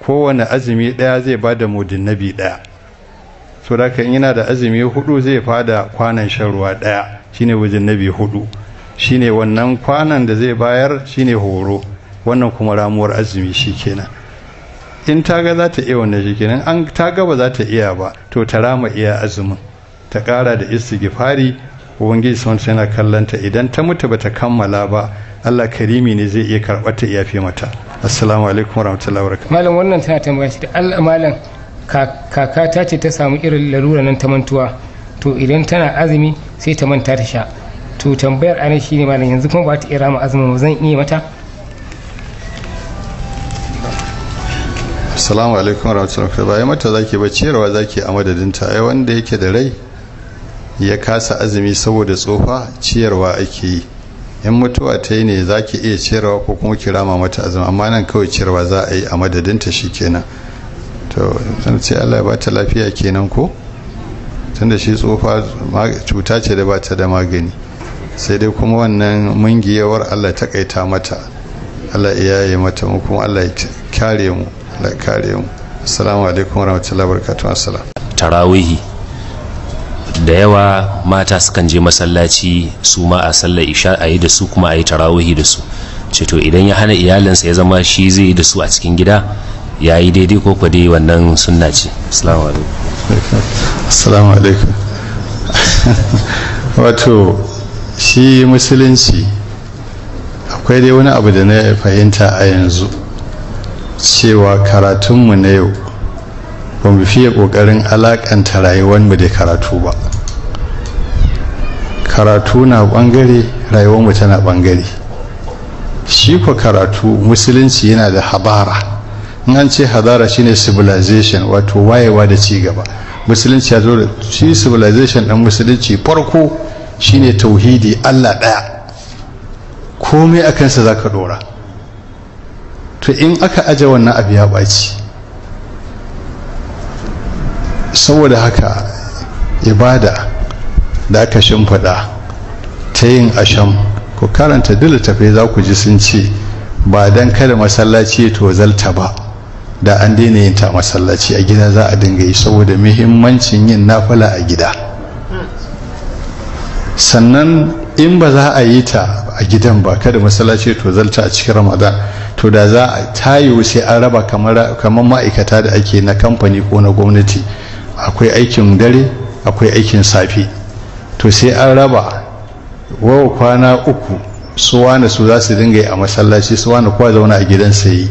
kowane azumi ɗaya zai ba da mudinnabi ɗaya so da in yana da azumi hudu zai fada kwanan shan ruwa ɗaya shine nabi hudu shine wannan kwanan da zai bayar shine horo wannan kuma ramuwar azumi shi kenan in ta ga za ta iya wannan shi kenan an ta ga ba za ta iya ba to ta rama iya azumin ta ƙara da istighfari ubangiji sun yana kallanta idan ta mutu ba ta kammala ba Allah karimi ne zai iya karɓar ta fi mata assalamu alaikum wa barakatuh malam wannan tana tambaya shi da Allah malam kaka ta ce ta samu irin larura nan ta mantuwa to idan tana azumi sai ta manta ta sha to tambayar anan shine malam yanzu kuma ba ta iya rama ba zan iya mata assalamu alaikum wa barakatuh bai mata zaki ba ciyarwa zaki a madadinta ai wanda yake da rai ya kasa azumi saboda tsofa ciyarwa ake yi in mutuwa ta yi ne za ki iya ciyarwa ko kuma ki rama mata azumi amma nan kawai ciyarwa za a yi a madadinta shi kenan to sai allah ya ba ta lafiya kenan ko tunda shi tsofa cuta ce da ba ta da magani sai dai kuma wannan mungiyawar allah ta kaita mata allah ya yi mata mu kuma allah ya kare mu allah kare mu assalamu alaikum warahmatullahi wabarakatuh assalam tarawihi da yawa mata sukan je masallaci su ma a sallar isha a yi da su kuma a yi tarawihi da su ce idan ya hana iyalinsa ya zama shi zai yi da su a cikin gida ya yi daidai ko kwade wannan sunna ce assalamu wato shi musulunci akwai dai wani abu da na fahimta a yanzu cewa karatunmu na yau ba mu fiye ƙoƙarin alaƙanta mu da karatu ba karatu na ɓangare mu tana ɓangare shi ko karatu musulunci yana da habara in an ce hadara shine civilization wato wayewa da cigaba. gaba musulunci ya zo da shi civilization ɗan musulunci farko shine tauhidi allah ɗaya komai a kansa za ka ɗora to in aka aje wannan abu ya ɓaci saboda haka ibada da aka shimfiɗa ta yin asham ku karanta ta littafai za ku ji sun ce ba dan kada masallaci ya tozalta ba da an daina yin ta masallaci a gida za a dinga yi saboda muhimmancin yin nafala a gida sannan in ba za a yi ta a gidan ba kada masallaci to zalta a cikin ramadan to da za a tayo sai an raba kamar ma'aikata da ake na kamfani ko na gwamnati akwai aikin dare akwai aikin safe to sai an raba wawa kwana uku su wane su za su dinga yi a masallaci su wane kuwa zauna a gidan sayi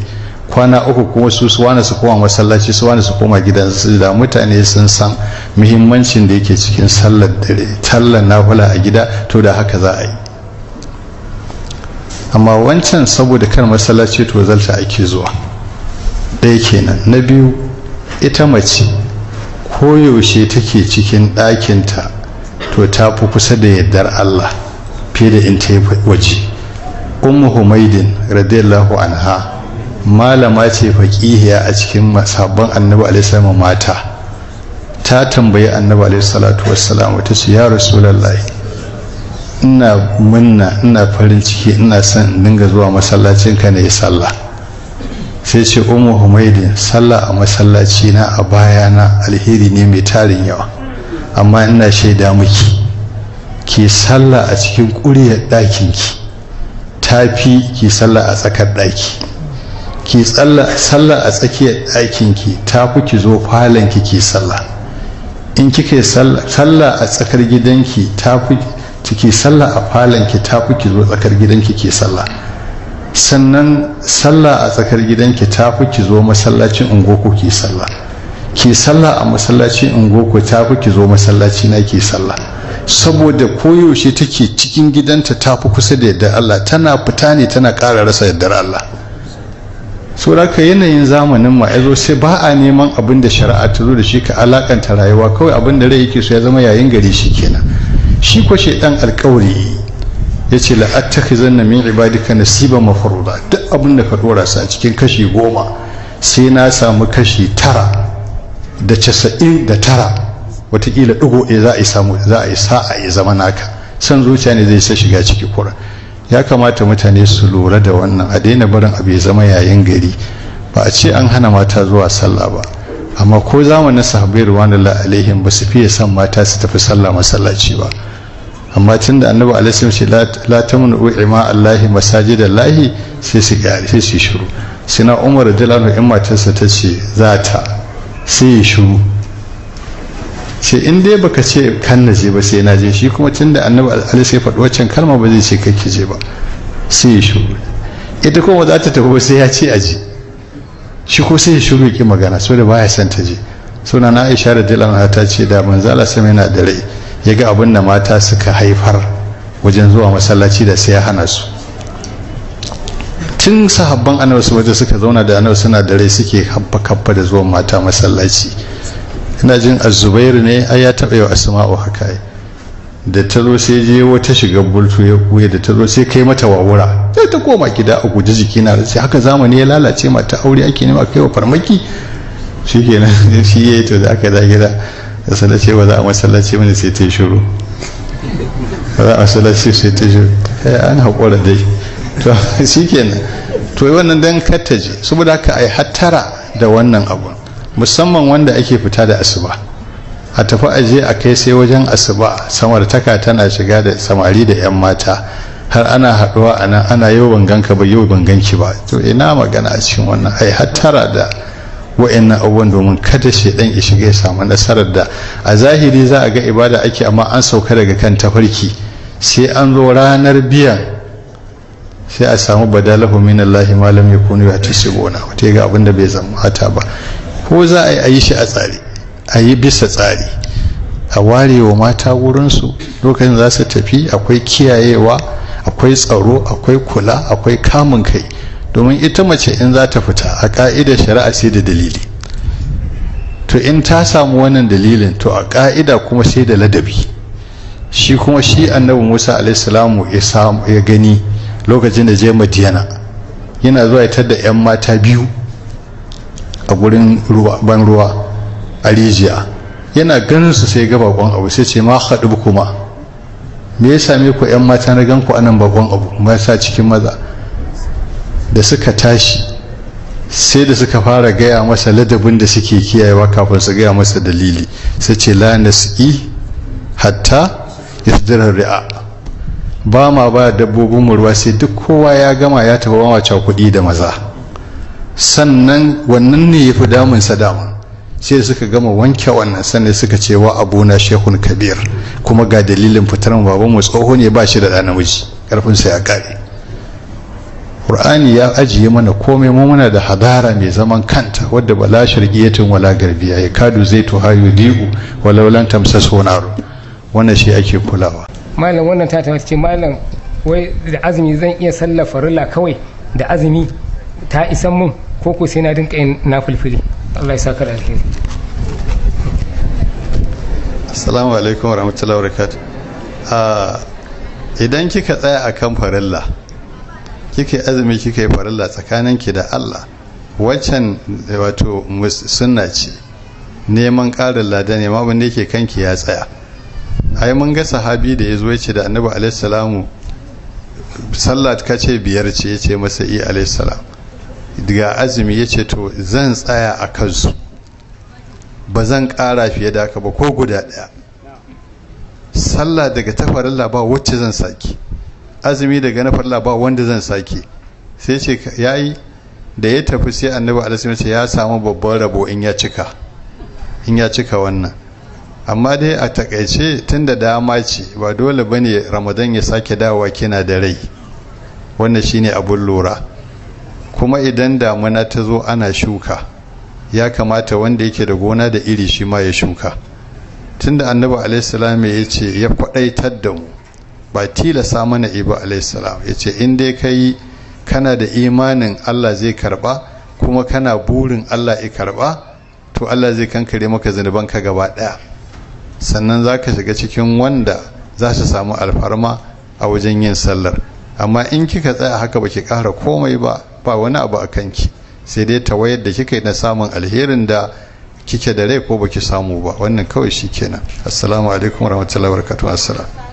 kwana uku kuma su su wane su koma masallaci su wane su koma gidan su da mutane sun san muhimmancin da yake cikin sallar dare tallan nafula a gida to da haka za a yi amma wancan saboda kan masallaci to zalta ake zuwa ɗaya kenan na biyu ita mace koyaushe take cikin ɗakinta to ta fi kusa da yardar Allah fiye da in ta yi waje ummu humaidin radiyallahu anha malama ce faƙihiya a cikin sabon annabi alaihi mata ta tambayi annabi alaihi salatu wassalam ta ce ya rasulullahi ina munna ina farin ciki ina son in dinga zuwa masallacin ka ne sallah sai ce umu humaidin sallah a masallaci na a baya na alheri ne mai tarin yawa amma ina shaida miki ki sallah a cikin ƙuryar ɗakinki tafi ki sallah a tsakar ɗaki ki sallah a tsakiyar ɗakinki tafi ki zo falonki ki sallah in kika yi sallah a tsakar gidanki tafi ki sallah a falonki tafi ki zo tsakar gidanki ki sallah sannan sallah a tsakar gidanki ta fi ki zo masallacin ungoku ki sallah ki sallah a masallacin ungoku ta fi ki zo masallaci na ke sallah saboda koyaushe take cikin gidanta ta fi kusa da yardar Allah tana fita ne tana ƙara rasa yardar Allah so ka yanayin zamanin ma ya zo sai ba a neman abin da shari'a ta zo da shi ka alakanta rayuwa kawai abin da rai yake so ya zama yayin gari shi kenan shi ko shaidan alkawari ya ce la'attaki zanna min ibadika nasiba mafaruda duk abin da ka dora su a cikin kashi goma sai na samu kashi tara da casa'in da tara watakila ɗigo e za a yi samu za a yi sa'a ya zama naka san zuciya ne zai sa shiga ciki kura ya kamata mutane su lura da wannan a daina barin abu ya zama yayin gari ba a ce an hana mata zuwa sallah ba amma ko zamanin sahabbai ruwanullahi alaihim ba su fiye son mata su tafi sallah masallaci ba amma tun da annabi alaihi ce la tamnu ima allahi masajid allahi sai su gari sai su shiru sina umar radiyallahu anhu in matarsa ta ce za ta sai ya shiru ce in dai baka ce kan na je ba sai na je shi kuma tun da annabi alaihi sai faɗi waccan kalma ba zai ce kake je ba sai ya shiru ita kuma za ta tafi ba sai ya ce aji shi ko sai ya shiru ki magana saboda da baya son ta je sunan Aisha radiyallahu anha ta ce da manzala sai yana da rai ya ga abin da mata suka haifar wajen zuwa masallaci da sai ya hana su tun sahabban annabi su waje suka zauna da annabi suna da rai suke habba kabba da zuwan mata masallaci ina jin azubairu ne ai ya taɓa yau asma'u haka ai da ta zo sai je wata shiga bultu ya kuya da ta zo sai kai mata wawura sai ta koma gida a guji jiki na sai haka zamani ya lalace mata aure ake nema kai wa farmaki shikenan shi yi to da aka da gida ya ba za a masallaci mana sai ta shiru ba za a masallaci sai ta shiru eh, an haƙura dai to shi kenan to yi wannan don kattaji saboda haka a yi hattara da wannan abun musamman wanda ake fita da asuba a tafi aje a kai sai wajen asuba samartaka tana shiga da samari da 'yan mata har ana haɗuwa ana yau ban ganka ba yau ban ganki ba to ina magana a cikin wannan ai hattara da wa'annan abubuwan domin kada shaidan ya shiga ya samu nasarar da a zahiri za a ga ibada ake amma an sauka daga kan tafarki sai an zo ranar biyan sai a samu badalahu min Allah ma lam yakunu yatisibuna wato ga abin da bai zama ba ko za a yi shi a tsari a yi bisa tsari a ware wa mata su lokacin za su tafi akwai kiyayewa akwai tsaro akwai kula akwai kamun kai domin ita mace in za ta fita a ka'idar shari'a sai da dalili to in ta samu wannan dalilin to a ka'ida kuma sai da ladabi shi kuma shi annabi musa alaihissalamu ya gani lokacin da je madiyana yana zuwa ya da 'yan mata biyu a gurin ban ruwa a rijiya yana ganin su sai ga kwan abu sai ce ma haɗu kuma me ya same ku 'yan mata na gan ku anan bakon abu sa cikin maza da suka tashi sai da suka fara gaya masa ladabin da suke kiyayewa kafin su gaya masa dalili sai ce la nas'i hatta yasdira ri'a ba ma ba dabbobin mu ruwa sai duk kowa ya gama ya tafi wawace kuɗi da maza sannan wannan ne yafi damun sa dama sai da suka gama wanke wannan sannan suka ce wa abuna shehun kabir kuma ga dalilin fitar babanmu tsoho ne ba shi da ɗa namiji karfin sa ya kare qur'ani ya ajiye mana komai mu muna da hadara mai zaman kanta wadda bala shargiyatin wala garbiya ya kadu zai to hayo digu wala lan tamsa sonaru wannan shi ake kulawa malam wannan ta ta ce malam wai da azumi zan iya sallar farilla kawai da azumi ta isan mun ko ko sai na dinka yin nafilfili Allah ya saka da alheri assalamu alaikum warahmatullahi wabarakatuh ah, idan kika tsaya akan farilla kike azumi kike farilla ki da Allah waccan eh, wato sunna ce neman ƙarin lada ne ma wanda yake kanki ya tsaya ai mun ga sahabi da ya zo ce da annabi alaihi salamu sallat ka ce biyar ce ya ce masa i alaihi daga ga azumi ya ce to zan tsaya a kansu ba zan ƙara fiye da haka ba ko guda ɗaya sallah daga tafarilla ba wacce zan saki azumi daga na farla ba wanda zan sake sai ce yi da ya tafi sai annabi alaihi ce ya samu babban rabo in ya cika in ya cika wannan amma dai a takaice tun da dama ce ba dole ba ne ramadan ya sake dawowa kina da rai wannan shine abun lura kuma idan damuna ta zo ana shuka ya kamata wanda yake da gona da iri shi ma ya shuka Tun da annabi alaihi ya ce ya kwadaitar da mu ba tilasa mana ibu alaihissalam ya ce in dai ka kana da imanin allah zai karba kuma kana burin allah ya karba to allah zai kankare maka ka gaba daya sannan za ka shiga cikin wanda za su samu alfarma a wajen yin sallar amma in kika tsaya haka ba ki kara komai ba ba wani abu a kanki sai dai ta wayar da kika yi na samun alherin da kike da rai ko baki samu ba wannan kawai shi kenan assalamu alaikum warahmatullahi wabarakatuh assalam